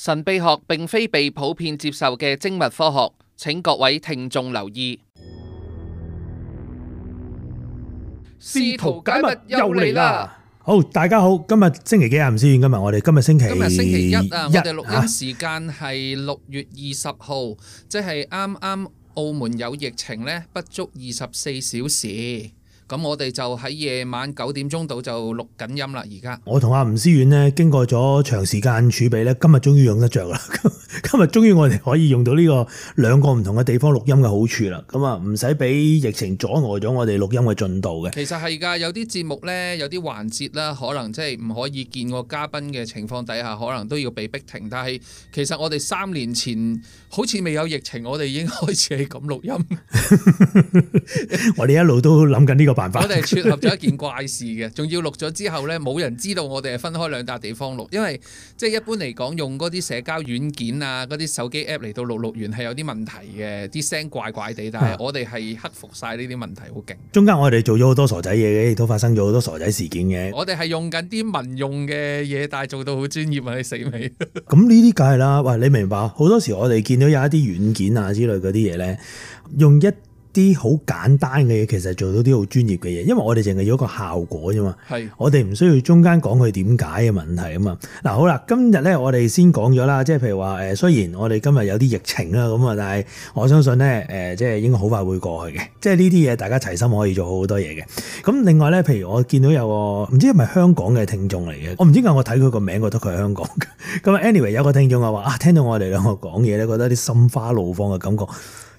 神秘學並非被普遍接受嘅精密科學，請各位聽眾留意。試圖解密又嚟啦！好，大家好，今日星期幾啊？唔知今日我哋今日星期今日星期一啊！我哋錄音時間係六月二十號，即係啱啱澳門有疫情呢，不足二十四小時。咁我哋就喺夜晚九點鐘度就錄緊音啦，而家我同阿吳思遠呢經過咗長時間儲備呢，今日終於用得著啦！今日終於我哋可以用到呢個兩個唔同嘅地方錄音嘅好處啦！咁啊，唔使俾疫情阻礙咗我哋錄音嘅進度嘅。其實係㗎，有啲節目呢，有啲環節啦，可能即係唔可以見個嘉賓嘅情況底下，可能都要被逼停。但係其實我哋三年前好似未有疫情，我哋已經開始係咁錄音。我哋一路都諗緊呢個。 我哋撮合咗一件怪事嘅，仲要錄咗之後呢，冇人知道我哋係分開兩笪地方錄，因為即係一般嚟講用嗰啲社交軟件啊、嗰啲手機 app 嚟到錄錄完係有啲問題嘅，啲聲怪怪地，但係我哋係克服晒呢啲問題，好勁。中間我哋做咗好多傻仔嘢嘅，都發生咗好多傻仔事件嘅。我哋係用緊啲民用嘅嘢，但係做到好專業啊！你死未？咁呢啲梗係啦，喂，你明白好多時我哋見到有一啲軟件啊之類嗰啲嘢呢，用一。啲好簡單嘅嘢，其實做到啲好專業嘅嘢，因為我哋淨係要一個效果啫嘛。係，我哋唔需要中間講佢點解嘅問題啊嘛。嗱，好啦，今日咧我哋先講咗啦，即係譬如話誒，雖然我哋今日有啲疫情啦咁啊，但係我相信咧誒，即係應該好快會過去嘅。即係呢啲嘢，大家齊心可以做好多嘢嘅。咁另外咧，譬如我見到有個唔知係咪香港嘅聽眾嚟嘅，我唔知，點解我睇佢個名，覺得佢係香港嘅。咁啊，anyway，有個聽眾啊話啊，聽到我哋兩個講嘢咧，覺得啲心花怒放嘅感覺。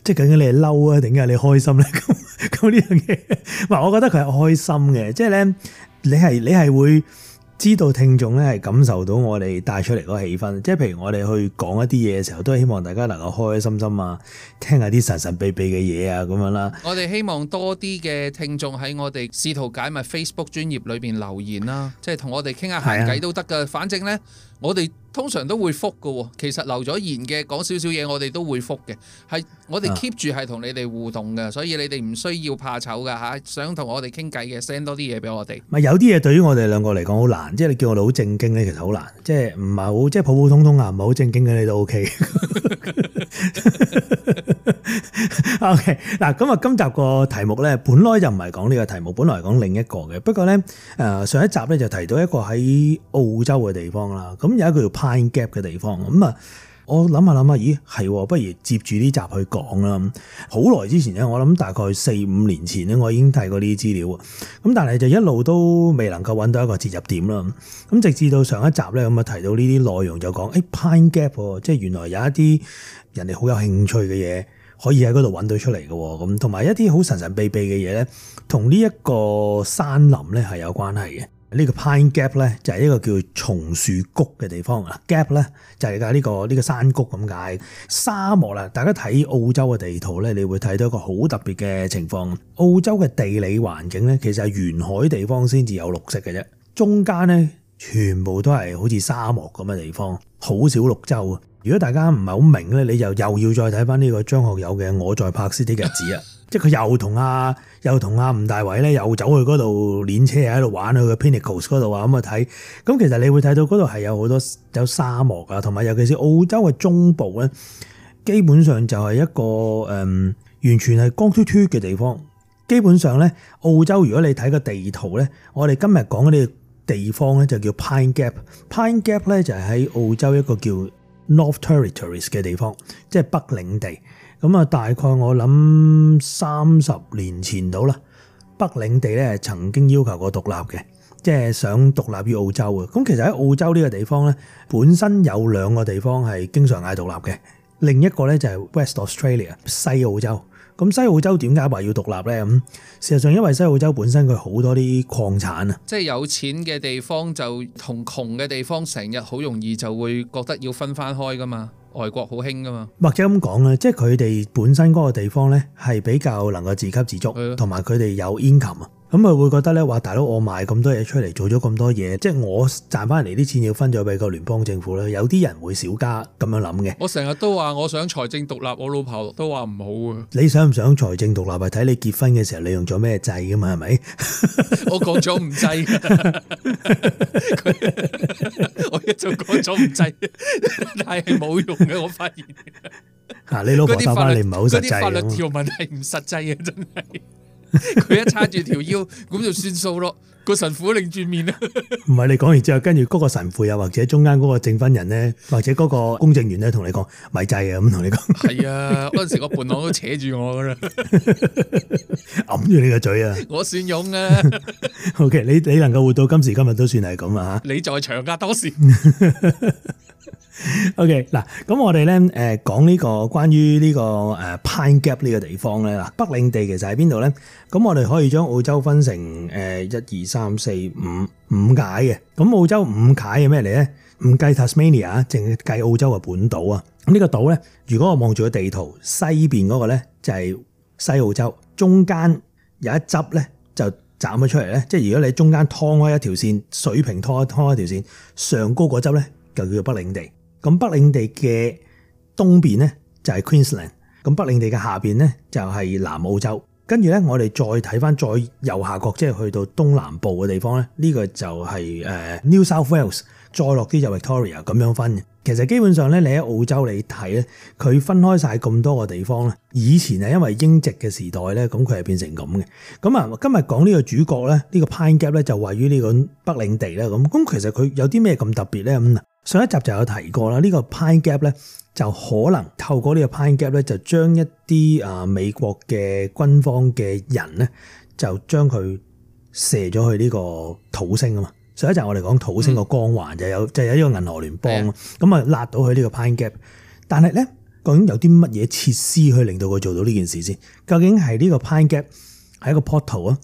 即係究竟你係嬲啊，定係你開心咧？咁，咁呢樣嘢，唔係我覺得佢係開心嘅。即係咧，你係你係會知道聽眾咧係感受到我哋帶出嚟個氣氛。即係譬如我哋去講一啲嘢嘅時候，都係希望大家能夠開開心心啊，聽下啲神神秘秘嘅嘢啊，咁樣啦。我哋希望多啲嘅聽眾喺我哋試圖解密 Facebook 專頁裏邊留言啦，即係同我哋傾下閒偈都得噶。反正咧，我哋。通常都會覆㗎喎，其實留咗言嘅講少少嘢，我哋都會覆嘅，係我哋 keep 住係同你哋互動嘅，所以你哋唔需要怕醜㗎吓，想同我哋傾偈嘅 send 多啲嘢俾我哋。咪有啲嘢對於我哋兩個嚟講好難，即係你叫我哋好正經咧，其實好難，即係唔係好即係普普通通啊，唔係好正經嘅你都 O K。O K 嗱，咁啊今集個題目咧，本來就唔係講呢個題目，本來係講另一個嘅，不過咧，誒上一集咧就提到一個喺澳洲嘅地方啦，咁有一個叫。Pine Gap 嘅地方咁啊，我諗下諗下，咦係，不如接住呢集去講啦。好耐之前咧，我諗大概四五年前咧，我已經睇過呢啲資料。咁但係就一路都未能夠搵到一個接入點啦。咁直至到上一集咧，咁啊提到呢啲內容就講，誒、哎、Pine Gap，即係原來有一啲人哋好有興趣嘅嘢，可以喺嗰度搵到出嚟嘅。咁同埋一啲好神神秘秘嘅嘢咧，同呢一個山林咧係有關係嘅。呢個 pine gap 咧就係一個叫松樹谷嘅地方啊，gap 咧就係㗎呢個呢個山谷咁解。沙漠啦，大家睇澳洲嘅地圖咧，你會睇到一個好特別嘅情況。澳洲嘅地理環境咧，其實係沿海地方先至有綠色嘅啫，中間咧全部都係好似沙漠咁嘅地方，好少綠洲。如果大家唔係好明咧，你就又要再睇翻呢個張學友嘅《我在拍 city 嘅日子》啊。即係佢又同阿又同阿吳大偉咧，又走去嗰度練車，喺度玩去個 Pinnacles 嗰度啊！咁啊睇，咁其實你會睇到嗰度係有好多有沙漠啊，同埋尤其是澳洲嘅中部咧，基本上就係一個誒、嗯、完全係光禿禿嘅地方。基本上咧，澳洲如果你睇個地圖咧，我哋今日講緊呢個地方咧就叫 Pine Gap。Pine Gap 咧就係、是、喺澳洲一個叫 North Territories 嘅地方，即係北領地。咁啊，大概我諗三十年前到啦，北領地咧曾經要求過獨立嘅，即係想獨立於澳洲啊。咁其實喺澳洲呢個地方咧，本身有兩個地方係經常嗌獨立嘅，另一個咧就係 West Australia 西澳洲。咁西澳洲點解話要獨立咧？咁事實上因為西澳洲本身佢好多啲礦產啊，即係有錢嘅地方就同窮嘅地方成日好容易就會覺得要分返開㗎嘛。外國好興噶嘛，或者咁講啦，即係佢哋本身嗰個地方咧係比較能夠自給自足，同埋佢哋有 income 啊。咁佢會覺得咧話大佬，我賣咁多嘢出嚟，做咗咁多嘢，即係我賺翻嚟啲錢要分咗俾個聯邦政府啦。有啲人會少加咁樣諗嘅。我成日都話我想財政獨立，我老婆都話唔好啊。你想唔想財政獨立係睇你結婚嘅時候你用咗咩制㗎嘛？係咪？ 我講咗唔制， 我一早講咗唔制，但係冇用嘅。我發現啊，你老婆翻翻你唔好實際，法律條文係唔實際嘅，真係。佢 一撐住條腰，咁就算數咯。個 神父擰住面啊，唔係你講完之後，跟住嗰個神父啊，或者中間嗰個證婚人咧，或者嗰個公證員咧，同你講咪制啊，咁同你講。係啊，嗰陣時個伴郎都扯住我噶啦，揞住你個嘴啊，我算勇啊 。OK，你你能夠活到今時今日都算係咁啊，你在場啊，當時。 O.K. 嗱，咁我哋咧誒講呢個關於呢個誒 Pine Gap 呢個地方咧，嗱，北領地其實喺邊度咧？咁我哋可以將澳洲分成誒一二三四五五解嘅。咁澳洲五解係咩嚟咧？唔計 Tasmania 啊，淨係計澳洲嘅本島啊。咁呢個島咧，如果我望住個地圖，西邊嗰個咧就係西澳洲，中間有一執咧就斬咗出嚟咧。即係如果你中間拖開一條線，水平拖開一條線，上高嗰執咧就叫做北領地。咁北領地嘅東邊咧就係 Queensland，咁北領地嘅下邊咧就係南澳洲，跟住咧我哋再睇翻再右下角，即係去到東南部嘅地方咧，呢個就係誒 New South Wales，再落啲就 Victoria 咁樣分嘅。其實基本上咧，你喺澳洲你睇咧，佢分開晒咁多個地方咧，以前係因為英籍嘅時代咧，咁佢係變成咁嘅。咁啊，今日講呢個主角咧，呢個 Pine Gap 咧就位於呢個北領地啦。咁，咁其實佢有啲咩咁特別咧咁上一集就有提過啦，呢個 Pine Gap 呢就可能透過呢個 Pine Gap 呢就將一啲啊美國嘅軍方嘅人呢就將佢射咗去呢個土星啊嘛。上一集我哋講土星個光環、嗯、就有是就有呢個銀河聯邦咁啊，拉到去呢個 Pine Gap，但係咧究竟有啲乜嘢設施去令到佢做到呢件事先？究竟係呢個 Pine Gap 係一個 portal 啊？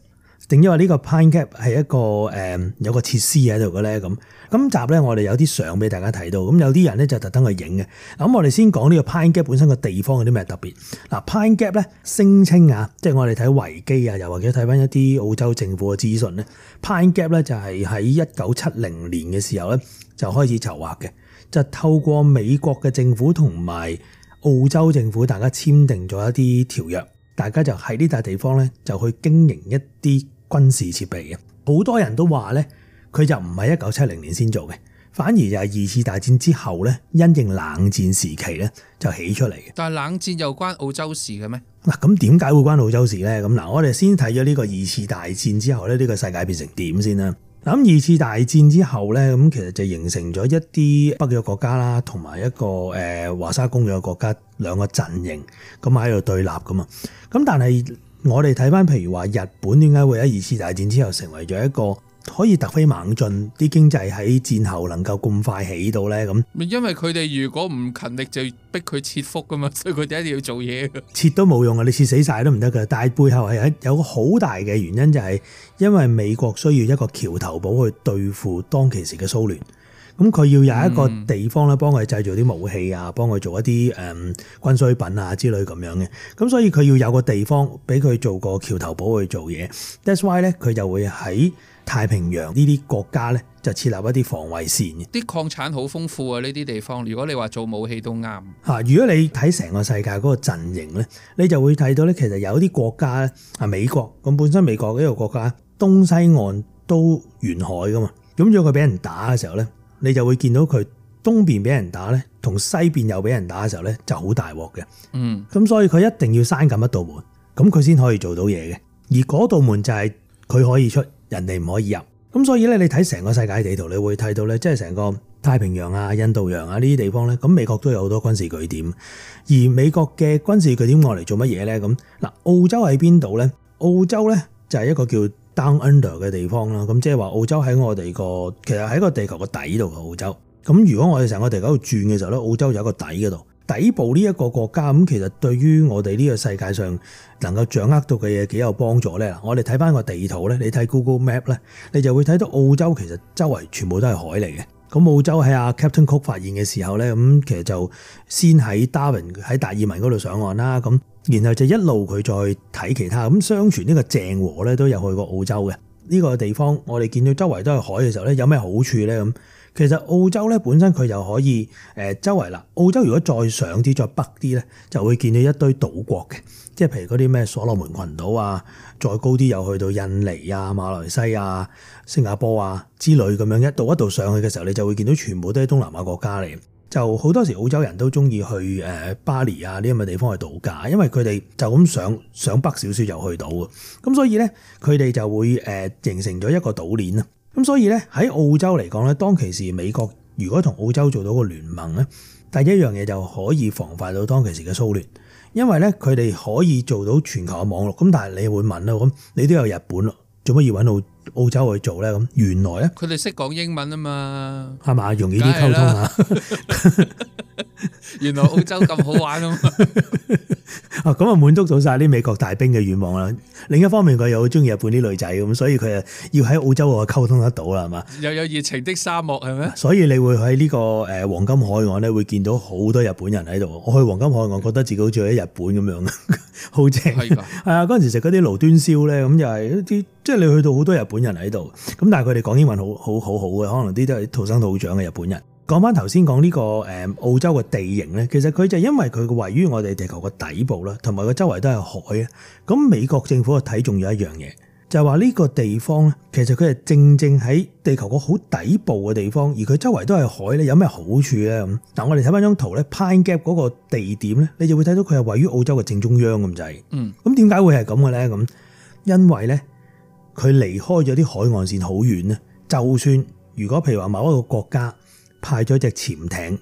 定因為呢個 Pine Gap 係一個誒、嗯、有個設施喺度嘅咧，咁今集咧、嗯，我哋有啲相俾大家睇到咁，有啲人咧就特登去影嘅。咁我哋先講呢個 Pine Gap 本身個地方有啲咩特別。嗱，Pine Gap 咧聲稱啊，即係我哋睇維基啊，又或者睇翻一啲澳洲政府嘅資訊咧，Pine Gap 咧就係喺一九七零年嘅時候咧就開始籌劃嘅，就透過美國嘅政府同埋澳洲政府，大家簽訂咗一啲條約，大家就喺呢笪地方咧就去經營一啲軍事設備嘅，好多人都話呢，佢就唔係一九七零年先做嘅，反而就係二次大戰之後呢，因應冷戰時期呢就起出嚟嘅。但係冷戰又關澳洲事嘅咩？嗱，咁點解會關澳洲事呢？咁嗱，我哋先睇咗呢個二次大戰之後呢，呢個世界變成點先啦？咁二次大戰之後呢，咁其實就形成咗一啲北約國家啦，同埋一個誒華沙公約嘅國家兩個陣營咁喺度對立噶嘛？咁但係。我哋睇翻，譬如話日本點解會喺二次大戰之後成為咗一個可以突飛猛進，啲經濟喺戰後能夠咁快起到呢？咁。因為佢哋如果唔勤力就逼佢切腹噶嘛，所以佢哋一定要做嘢。切都冇用啊，你切死晒都唔得噶。但係背後係有個好大嘅原因，就係因為美國需要一個橋頭堡去對付當其時嘅蘇聯。咁佢要有一個地方咧、嗯，幫佢製造啲武器啊，幫佢做一啲誒軍需品啊之類咁樣嘅。咁所以佢要有個地方俾佢做個橋頭堡去做嘢。That's why 咧，佢就會喺太平洋呢啲國家咧，就設立一啲防衛線。啲礦產好豐富啊！呢啲地方，如果你話做武器都啱嚇。如果你睇成個世界嗰個陣營咧，你就會睇到咧，其實有啲國家咧，啊美國咁本身美國呢個國家東西岸都沿海噶嘛。咁如果佢俾人打嘅時候咧，你就會見到佢東邊俾人打咧，同西邊又俾人打嘅時候咧，就好大鑊嘅。嗯，咁所以佢一定要閂緊一道門，咁佢先可以做到嘢嘅。而嗰道門就係佢可以出，人哋唔可以入。咁所以咧，你睇成個世界地圖，你會睇到咧，即係成個太平洋啊、印度洋啊呢啲地方咧，咁美國都有好多軍事據點。而美國嘅軍事據點外嚟做乜嘢咧？咁嗱，澳洲喺邊度咧？澳洲咧就係一個叫 Down Under 嘅地方啦，咁即係話澳洲喺我哋個，其實喺個地球個底度嘅澳洲。咁如果我哋成個地球喺度轉嘅時候咧，澳洲就有一個底嗰度。底部呢一個國家，咁其實對於我哋呢個世界上能夠掌握到嘅嘢，幾有幫助咧。我哋睇翻個地圖咧，你睇 Google Map 咧，你就會睇到澳洲其實周圍全部都係海嚟嘅。咁澳洲喺阿 Captain Cook 發現嘅時候咧，咁其實就先喺 Darwin 喺達爾文嗰度上岸啦，咁。然後就一路佢再睇其他咁，相傳呢個鄭和咧都有去過澳洲嘅呢個地方。我哋見到周圍都係海嘅時候咧，有咩好處咧咁？其實澳洲咧本身佢就可以誒周圍啦。澳洲如果再上啲再北啲咧，就會見到一堆島國嘅，即係譬如嗰啲咩所羅門群島啊。再高啲又去到印尼啊、馬來西亞、新加坡啊之類咁樣一度一度上去嘅時候，你就會見到全部都係東南亞國家嚟。就好多時澳洲人都中意去誒巴厘啊呢啲咁嘅地方去度假，因為佢哋就咁上上北少少就去到嘅，咁所以咧佢哋就會誒形成咗一個島鏈啊，咁所以咧喺澳洲嚟講咧，當其時美國如果同澳洲做到個聯盟咧，第一樣嘢就可以防範到當其時嘅蘇聯，因為咧佢哋可以做到全球嘅網絡，咁但係你會問啦，咁你都有日本咯，做乜要揾到？澳洲去做咧咁，原來咧佢哋識講英文啊嘛，係嘛，容易啲溝通啊。 原來澳洲咁好玩啊！咁 啊滿足到晒啲美國大兵嘅願望啦。另一方面佢又好中意日本啲女仔咁，所以佢啊要喺澳洲啊溝通得到啦，係嘛？又有熱情的沙漠係咪？所以你會喺呢個誒黃金海岸咧，會見到好多日本人喺度。我去黃金海岸覺得自己好似喺日本咁樣，好正係啊！嗰陣 時食嗰啲爐端燒咧，咁又係即係你去到好多日本。日本人喺度，咁但係佢哋講英文好好好好嘅，可能啲都係土生土長嘅日本人。講翻頭先講呢個誒、嗯，澳洲嘅地形咧，其實佢就係因為佢位於我哋地球個底部啦，同埋個周圍都係海啊。咁美國政府啊睇中有一樣嘢，就係話呢個地方咧，其實佢係正正喺地球個好底部嘅地方，而佢周圍都係海咧，有咩好處咧咁？但我哋睇翻張圖咧，Pine Gap 嗰個地點咧，你就會睇到佢係位於澳洲嘅正中央咁滯。嗯，咁點解會係咁嘅咧？咁因為咧。佢離開咗啲海岸線好遠咧，就算如果譬如話某一個國家派咗隻潛艇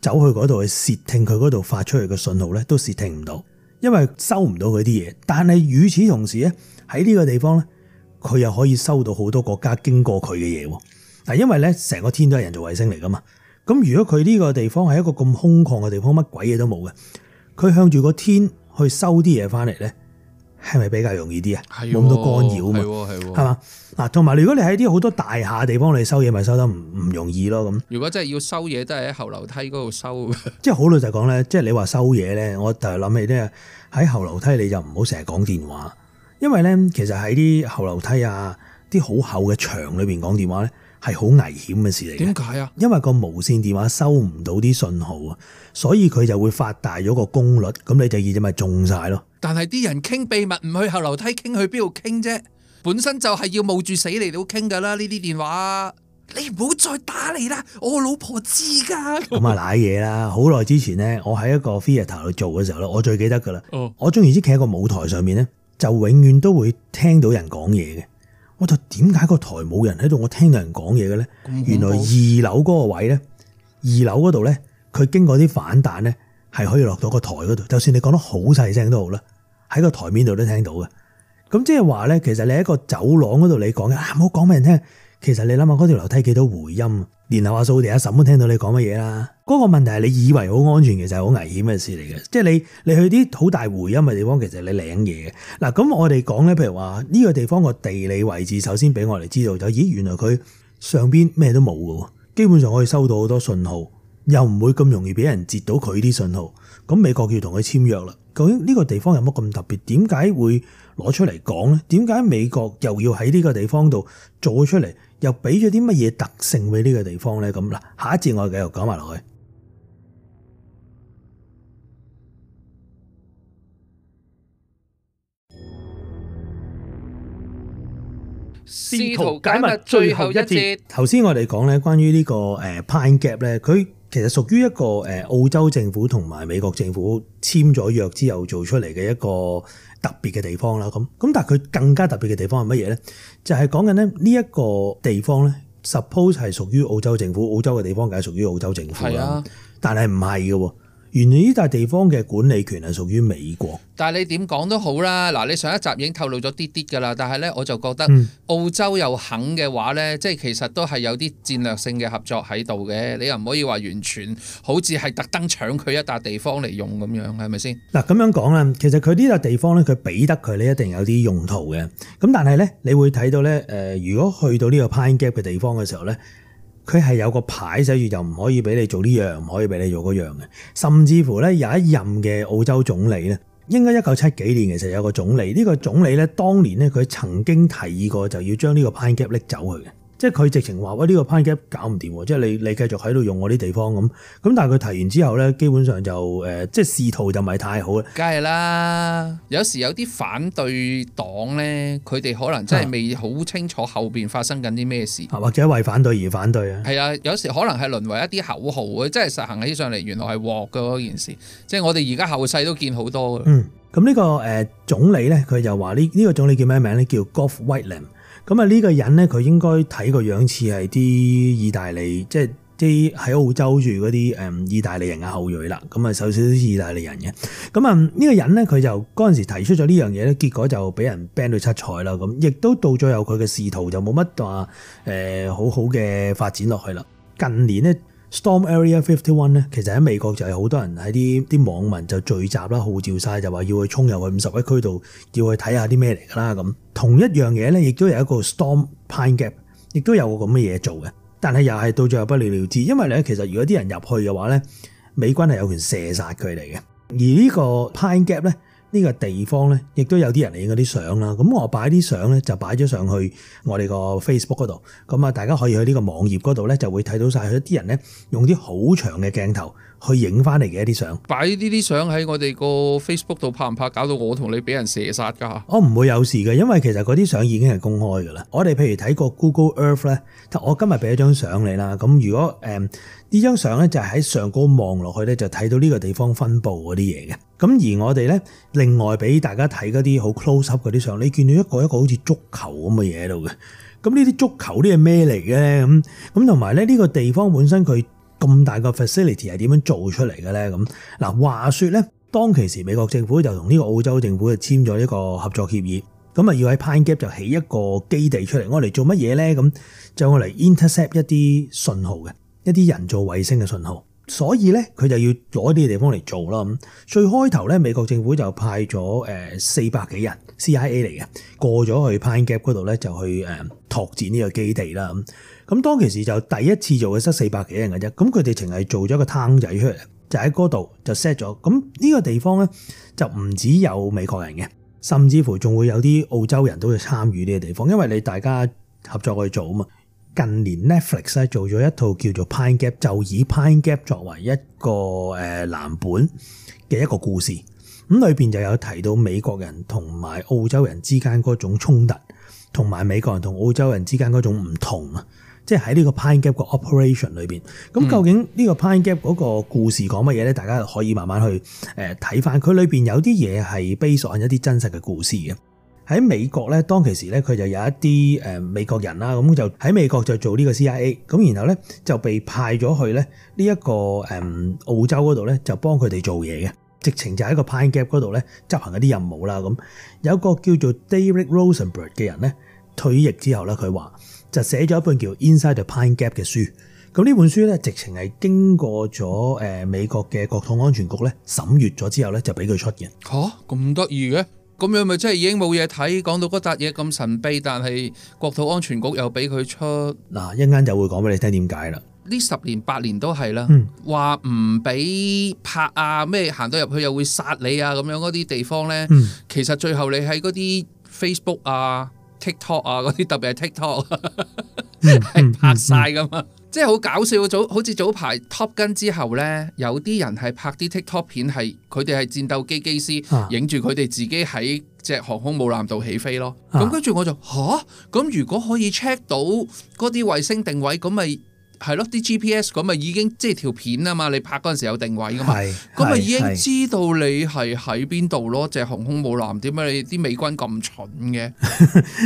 走去嗰度去竊聽佢嗰度發出去嘅信號咧，都竊聽唔到，因為收唔到佢啲嘢。但係與此同時咧，喺呢個地方咧，佢又可以收到好多國家經過佢嘅嘢喎。嗱，因為咧，成個天都係人造衛星嚟噶嘛。咁如果佢呢個地方係一個咁空曠嘅地方，乜鬼嘢都冇嘅，佢向住個天去收啲嘢翻嚟咧。係咪比較容易啲啊？係冇咁多干擾啊？係係係嘛？嗱、哦，同埋、哦、如果你喺啲好多大廈地方，你收嘢咪收得唔唔容易咯？咁如果真係要收嘢，都係喺後樓梯嗰度收。 即係好老實講咧，即係你話收嘢咧，我就諗起咧喺後樓梯，你就唔好成日講電話，因為咧其實喺啲後樓梯啊，啲好厚嘅牆裏邊講電話咧係好危險嘅事嚟。點解啊？因為個無線電話收唔到啲信號啊，所以佢就會發大咗個功率，咁你就耳仔咪中晒咯。但係啲人傾秘密唔去後樓梯傾，去邊度傾啫？本身就係要冒住死嚟到傾噶啦！呢啲電話，你唔好再打嚟啦！我老婆知噶。咁 啊，瀨嘢啦！好耐之前咧，我喺一個 theatre 去做嘅時候咧，我最記得噶啦，哦。我中意即企喺個舞台上面咧，就永遠都會聽到人講嘢嘅。我就點解個台冇人喺度，我聽到人講嘢嘅咧？原來二樓嗰個位咧，二樓嗰度咧，佢經過啲反彈咧。係可以落到個台嗰度，就算你講得好細聲都好啦，喺個台面度都聽到嘅。咁即係話咧，其實你喺個走廊嗰度你講嘅啊，唔好講俾人聽。其實你諗下，嗰條樓梯幾多回音，然後阿掃地阿嬸都聽到你講乜嘢啦。嗰個問題係你以為好安全，其實係好危險嘅事嚟嘅。即係你你去啲好大回音嘅地方，其實你領嘢嗱。咁我哋講咧，譬如話呢個地方個地理位置，首先俾我哋知道就，咦，原來佢上邊咩都冇喎，基本上可以收到好多信號。又唔會咁容易俾人截到佢啲信號，咁美國要同佢簽約啦。究竟呢個地方有乜咁特別？點解會攞出嚟講呢？點解美國又要喺呢個地方度做出嚟，又俾咗啲乜嘢特性俾呢個地方呢？咁嗱，下一節我哋繼續講埋落去。試圖解密最後一節。頭先我哋講咧，關於呢個誒 Pine Gap 咧，佢。其實屬於一個誒澳洲政府同埋美國政府簽咗約之後做出嚟嘅一個特別嘅地方啦，咁咁但係佢更加特別嘅地方係乜嘢咧？就係講緊咧呢一個地方咧，suppose 係屬於澳洲政府澳洲嘅地方，梗係屬於澳洲政府啦，但係唔係嘅喎。原來呢笪地方嘅管理權係屬於美國，但係你點講都好啦。嗱，你上一集已經透露咗啲啲㗎啦，但係咧我就覺得澳洲又肯嘅話咧，即係其實都係有啲戰略性嘅合作喺度嘅。你又唔可以話完全好似係特登搶佢一笪地方嚟用咁樣，係咪先？嗱咁樣講啊，其實佢呢笪地方咧，佢俾得佢你一定有啲用途嘅。咁但係咧，你會睇到咧，誒，如果去到呢個 Pine Gap 嘅地方嘅時候咧。佢係有個牌寫住，就唔可以俾你做呢樣，唔可以俾你做嗰樣，甚至乎呢，有一任嘅澳洲總理呢，應該一九七幾年其實有個總理，呢、這個總理呢，當年呢，佢曾經提議過就要將呢個 Pine Gap 拎走佢。即係佢直情話喂，呢個 Pine Gap 搞唔掂喎！即係你你繼續喺度用我啲地方咁咁，但係佢提完之後咧，基本上就即係仕途就唔係太好，梗係啦。有時有啲反對黨咧，佢哋可能真係未好清楚後邊發生緊啲咩事啊，或者為反對而反對啊？係啊，有時可能係淪為一啲口號啊，即係實行起上嚟原來係鑊嘅嗰件事，即係我哋而家後世都見好多嘅。嗯，咁呢個誒總理咧，佢就話呢呢個總理叫咩名咧？叫 Golf Whitlam。咁啊呢個人咧，佢應該睇個樣似係啲意大利，即係啲喺澳洲住嗰啲誒意大利人嘅後裔啦。咁啊，首先都意大利人嘅。咁啊呢個人咧，佢就嗰陣時提出咗呢樣嘢咧，結果就俾人 ban 到七彩啦。咁亦都到最後，佢嘅仕途就冇乜話誒好好嘅發展落去啦。近年咧。Storm Area Fifty One 咧，其實喺美國就係好多人喺啲啲網民就聚集啦，號召晒，就話要去衝入去五十一區度，要去睇下啲咩嚟㗎啦咁。同一樣嘢咧，亦都有一個 Storm Pine Gap，亦都有個咁嘅嘢做嘅，但係又係到最後不了了之，因為咧其實如果啲人入去嘅話咧，美軍係有權射殺佢哋嘅，而呢個 Pine Gap 咧。呢個地方咧，亦都有啲人影嗰啲相啦。咁我擺啲相咧，就擺咗上去我哋個 Facebook 嗰度。咁啊，大家可以去呢個網頁嗰度咧，就會睇到晒。佢一啲人咧用啲好長嘅鏡頭，去影翻嚟嘅一啲相，擺呢啲相喺我哋個 Facebook 度，拍唔拍，搞到我同你俾人射殺噶？我唔會有事嘅，因為其實嗰啲相已經係公開噶啦。我哋譬如睇過 Google Earth 咧，我今日俾一張相你啦。咁如果誒呢張相咧，就係喺上高望落去咧，就睇到呢個地方分布嗰啲嘢嘅。咁而我哋咧，另外俾大家睇嗰啲好 close up 嗰啲相，你見到一個一個好似足球咁嘅嘢喺度嘅。咁呢啲足球啲係咩嚟嘅咧？咁咁同埋咧，呢個地方本身佢。咁大個 facility 係點樣做出嚟嘅咧？咁嗱，話說咧，當其時美國政府就同呢個澳洲政府就簽咗一個合作協議，咁啊要喺 Pine Gap 就起一個基地出嚟，我嚟做乜嘢咧？咁就我嚟 intercept 一啲信號嘅，一啲人造衛星嘅信號，所以咧佢就要咗啲地方嚟做啦，咁最開頭咧，美國政府就派咗誒四百幾人 CIA 嚟嘅，過咗去 Pine Gap 嗰度咧，就去誒拓展呢個基地啦。咁當其時就第一次做嘅失四百幾人嘅啫，咁佢哋凈係做咗個攤仔出嚟，就喺嗰度就 set 咗。咁呢個地方咧就唔只有美國人嘅，甚至乎仲會有啲澳洲人都去參與呢個地方，因為你大家合作去做啊嘛。近年 Netflix 做咗一套叫做《Pine Gap》，就以 Pine Gap 作為一個誒藍本嘅一個故事。咁裏面就有提到美國人同埋澳洲人之間嗰種衝突，同埋美國人同澳洲人之間嗰種唔同啊。即係喺呢個 Pine Gap 個 operation 裏面，咁究竟呢個 Pine Gap 嗰個故事講乜嘢咧？大家可以慢慢去睇翻，佢裏面有啲嘢係 base on 一啲真實嘅故事嘅。喺美國咧，當其時咧，佢就有一啲美國人啦，咁就喺美國就做呢個 CIA，咁然後咧就被派咗去咧呢一個誒澳洲嗰度咧，就幫佢哋做嘢嘅，直情就喺個 Pine Gap 嗰度咧執行一啲任務啦。咁有個叫做 David Rosenberg 嘅人咧，退役之後咧，佢話。就寫咗一本叫《Inside the Pine Gap》嘅書，咁呢本書咧，直情係經過咗誒美國嘅國土安全局咧審閱咗之後咧，啊、就俾佢出現。吓，咁得意嘅，咁樣咪即係已經冇嘢睇，講到嗰笪嘢咁神秘，但係國土安全局又俾佢出，嗱，一陣間就會講俾你聽點解啦。呢十年八年都係啦，話唔俾拍啊，咩行到入去又會殺你啊，咁樣嗰啲地方咧，嗯，其實最後你喺嗰啲 Facebook 啊。TikTok 啊，嗰啲特別係 TikTok 係、嗯嗯、 拍晒噶嘛，嗯嗯、即係好搞笑。好像早好似早排 Top 跟之後咧，有啲人係拍啲 TikTok 片，係佢哋係戰鬥機機師，影住佢哋自己喺隻航空母艦度起飛咯。咁跟住我就吓，咁如果可以 check 到嗰啲衛星定位，咁咪～係咯，啲 GPS 咁咪已經即係條片啊嘛，你拍嗰陣時候有定位噶嘛，咁咪已經知道你係喺邊度咯，隻航空母艦點解你啲美軍咁蠢嘅？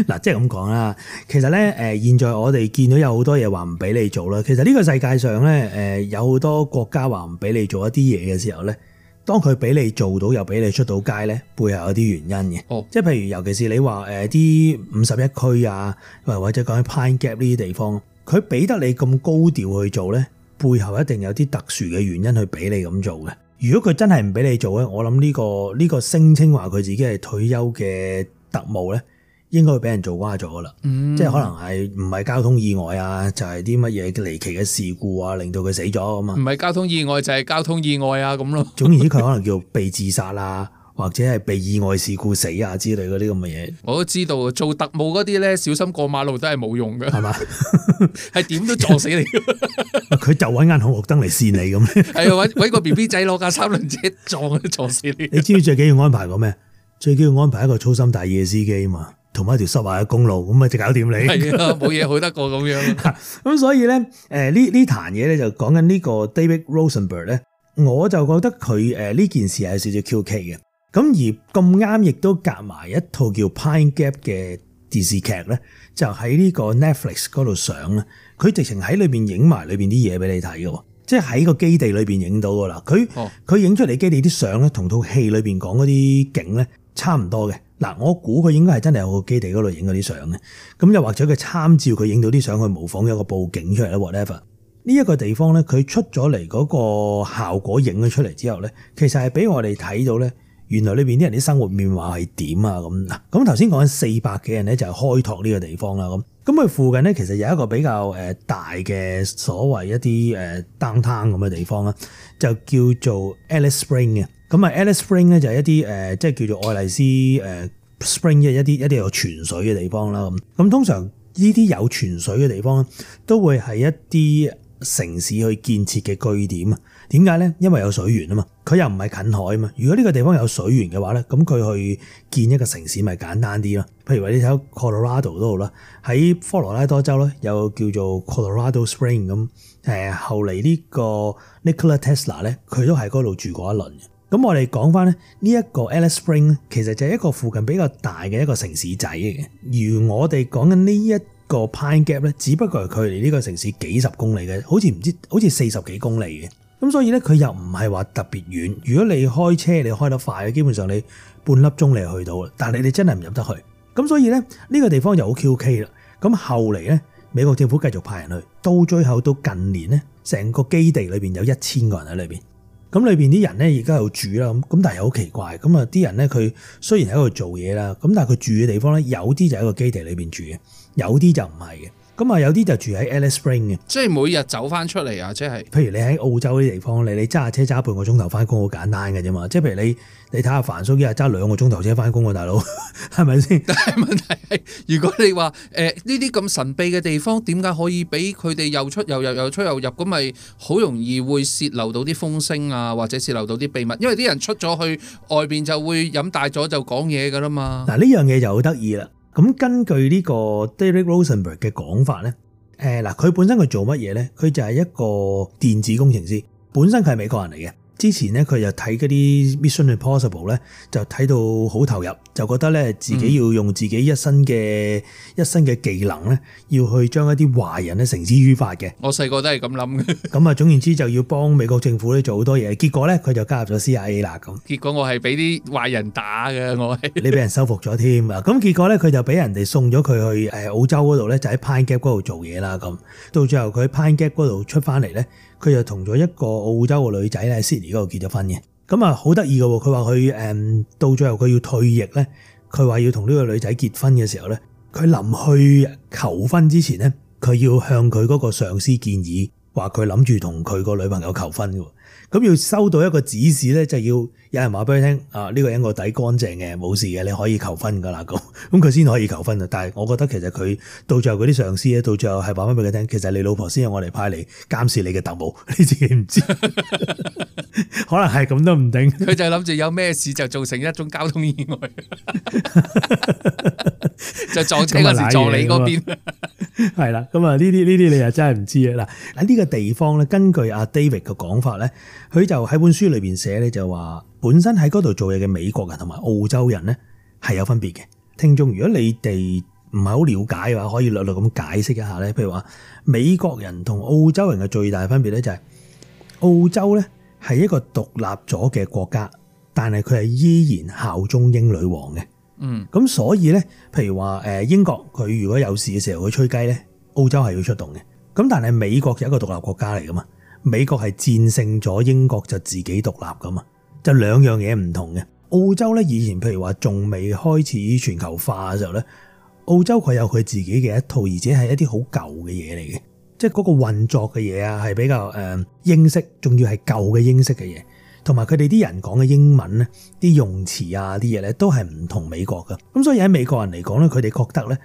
嗱，即係咁講啦，其實咧，誒，現在我哋見到有好多嘢話唔俾你做啦。其實呢個世界上咧，誒，有好多國家話唔俾你做一啲嘢嘅時候咧，當佢俾你做到又俾你出到街咧，背後有啲原因嘅。哦，即係譬如，尤其是你話誒啲五十一區啊，或者講緊 Pine Gap 呢啲地方。佢俾得你咁高調去做呢，背後一定有啲特殊嘅原因去俾你咁做嘅。如果佢真係唔俾你做呢，我諗呢個呢個聲稱話佢自己係退休嘅特務呢，應該會俾人做瓜咗噶啦。嗯，即係可能係唔係交通意外啊，就係啲乜嘢離奇嘅事故啊，令到佢死咗咁嘛。唔係交通意外就係交通意外啊，咁咯。總而言之佢可能叫被自殺啦。 或者係被意外事故死啊之類嗰啲咁嘅嘢，我都知道。做特務嗰啲咧，小心過馬路都係冇用嘅，係嘛？係點都撞死你， 你 佢就搵間紅綠燈嚟扇你咁咧，係搵搵個 B B 仔攞架三輪車撞撞死你。你知唔知最緊要安排個咩？最緊要安排一個粗心大意嘅司機啊嘛，同埋一條濕滑嘅公路，咁咪就搞掂你。係啊，冇嘢好得過咁樣、 啊。咁所以咧，誒呢呢壇嘢咧就講緊呢個 David Rosenberg 咧，我就覺得佢誒呢件事係有少少 QK 嘅。咁而咁啱，亦都夾埋一套叫《Pine Gap》嘅電視劇咧，就喺呢個 Netflix 嗰度上啊。佢直情喺裏面影埋裏面啲嘢俾你睇嘅，即係喺個基地裏面影到嘅啦。佢佢影出嚟基地啲相咧，同套戲裏面講嗰啲景咧差唔多嘅。嗱，我估佢應該係真係有個基地嗰度影嗰啲相嘅。咁又或者佢參照佢影到啲相去模仿有個佈景出嚟咧，whatever。呢一個地方咧，佢出咗嚟嗰個效果影咗出嚟之後咧，其實係俾我哋睇到咧。原來呢邊啲人啲生活變化係點啊？咁咁頭先講緊四百幾人咧，就係開拓呢個地方啦。咁，咁佢附近咧，其實有一個比較大嘅所謂一啲 downtown 咁嘅地方啦，就叫做 Alice Spring 嘅。咁啊，Alice Spring 咧就係一啲誒，即係叫做愛麗絲誒 Spring 嘅一啲一啲有泉水嘅地方啦。咁，咁通常呢啲有泉水嘅地方，都會係一啲城市去建設嘅據點。點解咧？因為有水源啊嘛，佢又唔係近海啊嘛。如果呢個地方有水源嘅話咧，咁佢去建一個城市咪簡單啲咯。譬如話你睇《Colorado》都好啦，喺科羅拉多州咧有叫做 Colorado Spring 咁。誒，後嚟呢個 Nikola Tesla 咧，佢都喺嗰度住過一輪。咁我哋講翻咧，呢一個 Alice Spring 其實就係一個附近比較大嘅一個城市仔嚟嘅，而我哋講緊呢一個 Pine Gap 咧，只不過係佢離呢個城市幾十公里嘅，好似唔知好似四十幾公里嘅。咁所以咧，佢又唔係話特別遠。如果你開車，你開得快嘅，基本上你半粒鐘你就去到啦。但係你哋真係唔入得去。咁所以咧，呢個地方就好蹊蹺啦。咁後嚟咧，美國政府繼續派人去，到最後到近年咧，成個基地裏邊有一千個人喺裏邊。咁裏邊啲人咧，而家又住啦。咁咁但係好奇怪。咁啊，啲人咧，佢雖然喺度做嘢啦，咁但係佢住嘅地方咧，有啲就喺個基地裏邊住嘅，有啲就唔係嘅。咁啊，有啲就住喺 Alice Spring 嘅，即係每日走翻出嚟啊！即係，譬如你喺澳洲啲地方，你你揸下車揸半個鐘頭翻工好簡單嘅啫嘛。即係譬如你你睇下凡叔一日揸兩個鐘頭車翻工啊，大佬，係咪先？但係問題係，如果你話誒呢啲咁神秘嘅地方，點解可以俾佢哋又出又入又出又入咁咪好容易會泄漏到啲風聲啊，或者泄漏到啲秘密？因為啲人出咗去外邊就會飲大咗就講嘢噶啦嘛。嗱呢樣嘢就好得意啦。咁根據呢個 Derek Rosenberg 嘅講法呢，呃，嗱，佢本身佢做乜嘢呢？佢就係一個電子工程師，本身係美國人嚟嘅。之前咧，佢又睇嗰啲《Mission Impossible》咧，就睇到好投入，就覺得咧自己要用自己一身嘅、嗯、一身嘅技能咧，要去將一啲華人咧繩之於法嘅。我細個都係咁諗嘅。咁啊，總言之就要幫美國政府咧做好多嘢。結果咧，佢就加入咗 CIA 啦。咁結果我係俾啲壞人打嘅，我係你俾人收服咗添啊！咁 結果咧，佢就俾人哋送咗佢去澳洲嗰度咧，就喺 Pine Gap 嗰度做嘢啦。咁到最後佢喺 Pine Gap 嗰度出翻嚟咧。佢就同咗一個澳洲嘅女仔喺悉尼嗰度結咗婚嘅，咁啊好得意嘅喎。佢話佢誒到最後佢要退役咧，佢話要同呢個女仔結婚嘅時候咧，佢臨去求婚之前咧，佢要向佢嗰個上司建議，話佢諗住同佢個女朋友求婚嘅，咁要收到一個指示咧，就要。有人話俾佢聽啊，呢、這個人個底乾淨嘅，冇事嘅，你可以求婚噶啦，咁咁佢先可以求婚啊。但係我覺得其實佢到最後嗰啲上司咧，到最後係話翻俾佢聽，其實你老婆先係我哋派嚟監視你嘅特務，你自己唔知， 可能係咁都唔定。佢就諗住有咩事就造成一種交通意外， 就撞車過嚟撞你嗰那邊。係 啦， 咁啊呢啲呢啲你又真係唔知啊嗱，喺 呢個地方咧，根據阿 David 嘅講法咧，佢就喺本書裏邊寫咧就話。本身喺嗰度做嘢嘅美國人同埋澳洲人咧，係有分別嘅。聽眾，如果你哋唔係好了解嘅話，可以略略咁解釋一下咧。譬如話，美國人同澳洲人嘅最大分別咧，就是，就係澳洲咧係一個獨立咗嘅國家，但係佢係依然效忠英女王嘅。嗯，咁所以咧，譬如話誒英國，佢如果有事嘅時候，佢吹雞咧，澳洲係要出動嘅。咁但係美國就係一個獨立國家嚟噶嘛。美國係戰勝咗英國就自己獨立噶嘛？就兩樣嘢唔同嘅。澳洲咧，以前譬如話仲未開始全球化嘅時候咧，澳洲佢有佢自己嘅一套，而且係一啲好舊嘅嘢嚟嘅，即係嗰個運作嘅嘢啊，係比較誒、嗯、英式，仲要係舊嘅英式嘅嘢，同埋佢哋啲人講嘅英文咧，啲用詞啊啲嘢咧都係唔同美國嘅。咁所以喺美國人嚟講咧，佢哋覺得咧。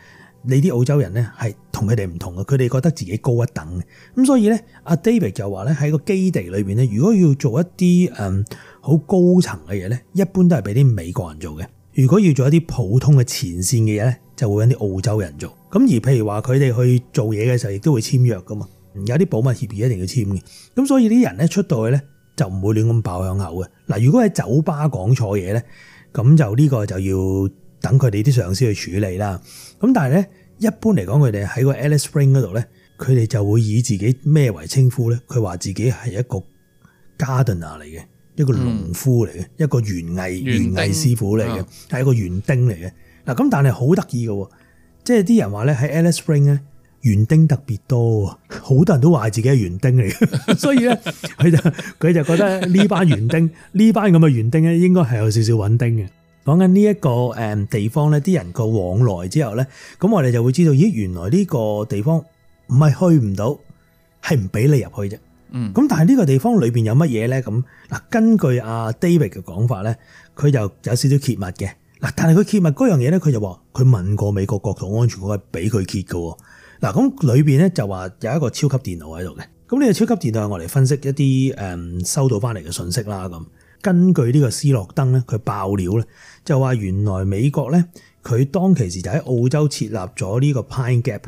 你啲澳洲人咧係同佢哋唔同嘅，佢哋覺得自己高一等。咁所以咧，阿 David 就話咧喺個基地裏邊咧，如果要做一啲嗯好高層嘅嘢咧，一般都係俾啲美國人做嘅。如果要做一啲普通嘅前線嘅嘢咧，就會揾啲澳洲人做。咁而譬如話佢哋去做嘢嘅時候，亦都會簽約噶嘛。有啲保密協議一定要簽嘅。咁所以啲人咧出到去咧就唔會亂咁爆響口嘅。嗱，如果喺酒吧講錯嘢咧，咁就呢個就要等佢哋啲上司去處理啦。咁但係咧，一般嚟講，佢哋喺個 Alice Spring 嗰度咧，佢哋就會以自己咩為稱呼咧？佢話自己係一個 gardener 嚟嘅，一個農夫嚟嘅，一個園藝園藝師傅嚟嘅，係一個園丁嚟嘅。嗱咁，但係好得意嘅，即係啲人話咧喺 Alice Spring 咧，園丁特別多，好多人都話自己係園丁嚟嘅，所以咧佢就佢就覺得呢班園丁呢班咁嘅園丁咧，應該係有少少揾丁嘅。講緊呢一個誒地方咧，啲人個往來之後咧，咁我哋就會知道，咦，原來呢個地方唔係去唔到，係唔俾你入去啫。嗯，咁但係呢個地方裏邊有乜嘢咧？咁嗱，根據阿 David 嘅講法咧，佢就有少少揭密嘅。嗱，但係佢揭密嗰樣嘢咧，佢就話佢問過美國國土安全局，係俾佢揭嘅。嗱，咁裏邊咧就話有一個超級電腦喺度嘅。咁、這、呢個超級電腦，係我哋分析一啲誒收到翻嚟嘅信息啦，咁。根據呢個斯諾登咧，佢爆料咧，就話原來美國咧，佢當其時就喺澳洲設立咗呢個 Pine Gap。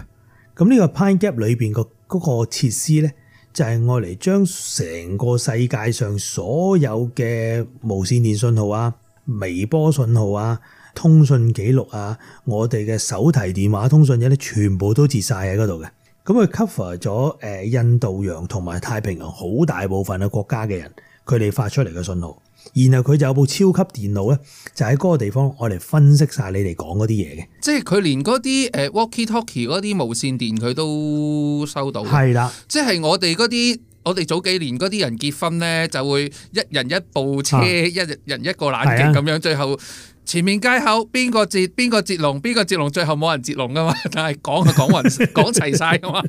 咁呢個 Pine Gap 裏邊個嗰個設施咧，就係愛嚟將成個世界上所有嘅無線電信號啊、微波信號啊、通訊記錄啊、我哋嘅手提電話通訊者咧，全部都截晒喺嗰度嘅。咁佢 cover 咗印度洋同埋太平洋好大部分嘅國家嘅人，佢哋發出嚟嘅信號。然後佢就有部超級電腦咧，就喺嗰個地方，我哋分析晒你哋講嗰啲嘢嘅。即係佢連嗰啲誒 walkie-talkie 嗰啲無線電佢都收到。係啦，即係我哋嗰啲，我哋早幾年嗰啲人結婚咧，就會一人一部車，啊、一人一個眼鏡咁樣，最後前面街口邊個接邊個接龍，邊個接龍，最後冇人接龍噶嘛，但係講就講雲講齊晒全噶嘛。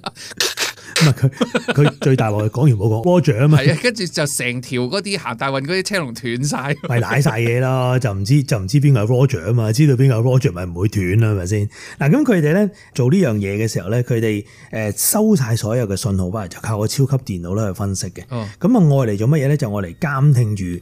咁啊佢佢最大鑊講完冇講 Roger 啊嘛，係 啊，跟住就成條嗰啲行大運嗰啲車龍斷晒，咪瀨晒嘢啦，就唔知就唔知邊個係 Roger 啊嘛，知道邊個係 Roger 咪唔會斷啦，係咪先？嗱，咁佢哋咧做呢樣嘢嘅時候咧，佢哋誒收晒所有嘅信號，翻嚟就靠個超級電腦咧去分析嘅。咁、嗯、啊，我嚟做乜嘢咧？就我嚟監聽住誒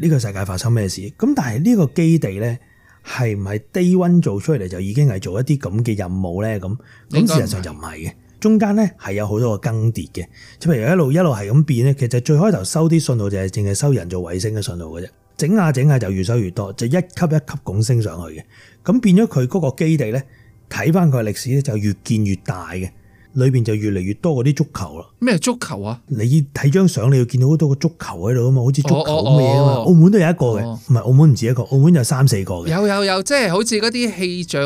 呢個世界發生咩事。咁但係呢個基地咧係唔係 Day One 做出嚟就已經係做一啲咁嘅任務咧？咁咁事實上就唔係嘅。中間咧係，有好多個更迭嘅，即譬如一路一路係咁變，咧，其實最開頭收啲信號就係淨係收人造衛星嘅信號嘅啫，整下整下就越收越多，就一級一級拱升上去嘅。咁變咗佢嗰個基地咧，睇翻佢嘅歷史咧就越建越大嘅。裏邊就越嚟越多嗰啲足球啦。咩足球啊？你睇張相，你要見到好多個足球喺度啊嘛，好似足球咁嘅嘢啊嘛。澳門都有一個嘅，哦，唔係澳門唔止一個，澳門有三四個嘅。有有有，即係好似嗰啲氣象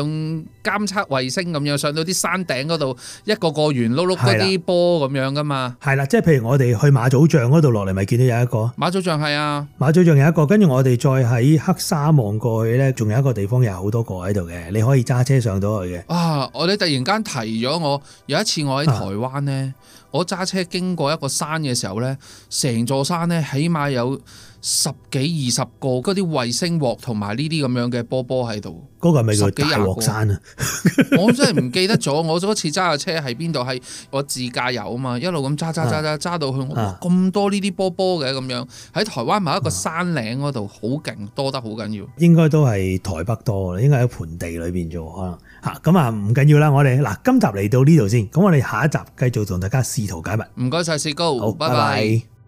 監測衛星咁樣上到啲山頂嗰度，一個個圓碌碌嗰啲波咁樣㗎嘛。係啦，即係譬如我哋去馬祖像嗰度落嚟，咪見到有一個。馬祖像係啊，馬祖像有一個，跟住我哋再喺黑沙望過去咧，仲有一個地方有好多個喺度嘅，你可以揸車上到去嘅。啊！我哋突然間提咗我有一次。我喺台灣咧，我揸車經過一個山嘅時候咧，成座山咧，起碼有十幾二十個嗰啲衛星鑊同埋呢啲咁樣嘅波波喺度，嗰、那個係咪叫大鑊山啊？ 我真係唔記得咗，我嗰次揸架車喺邊度，係我自駕遊啊嘛，一路咁揸揸揸揸揸到去，咁、啊、多呢啲波波嘅咁樣喺台灣某一個山嶺嗰度，好、啊、勁，多得好緊要。應該都係台北多，應該喺盆地裏邊做可能吓，咁啊唔緊要啦，我哋嗱今集嚟到呢度先，咁我哋下一集繼續同大家試圖解密。唔該晒，薛高，拜拜。Bye bye bye bye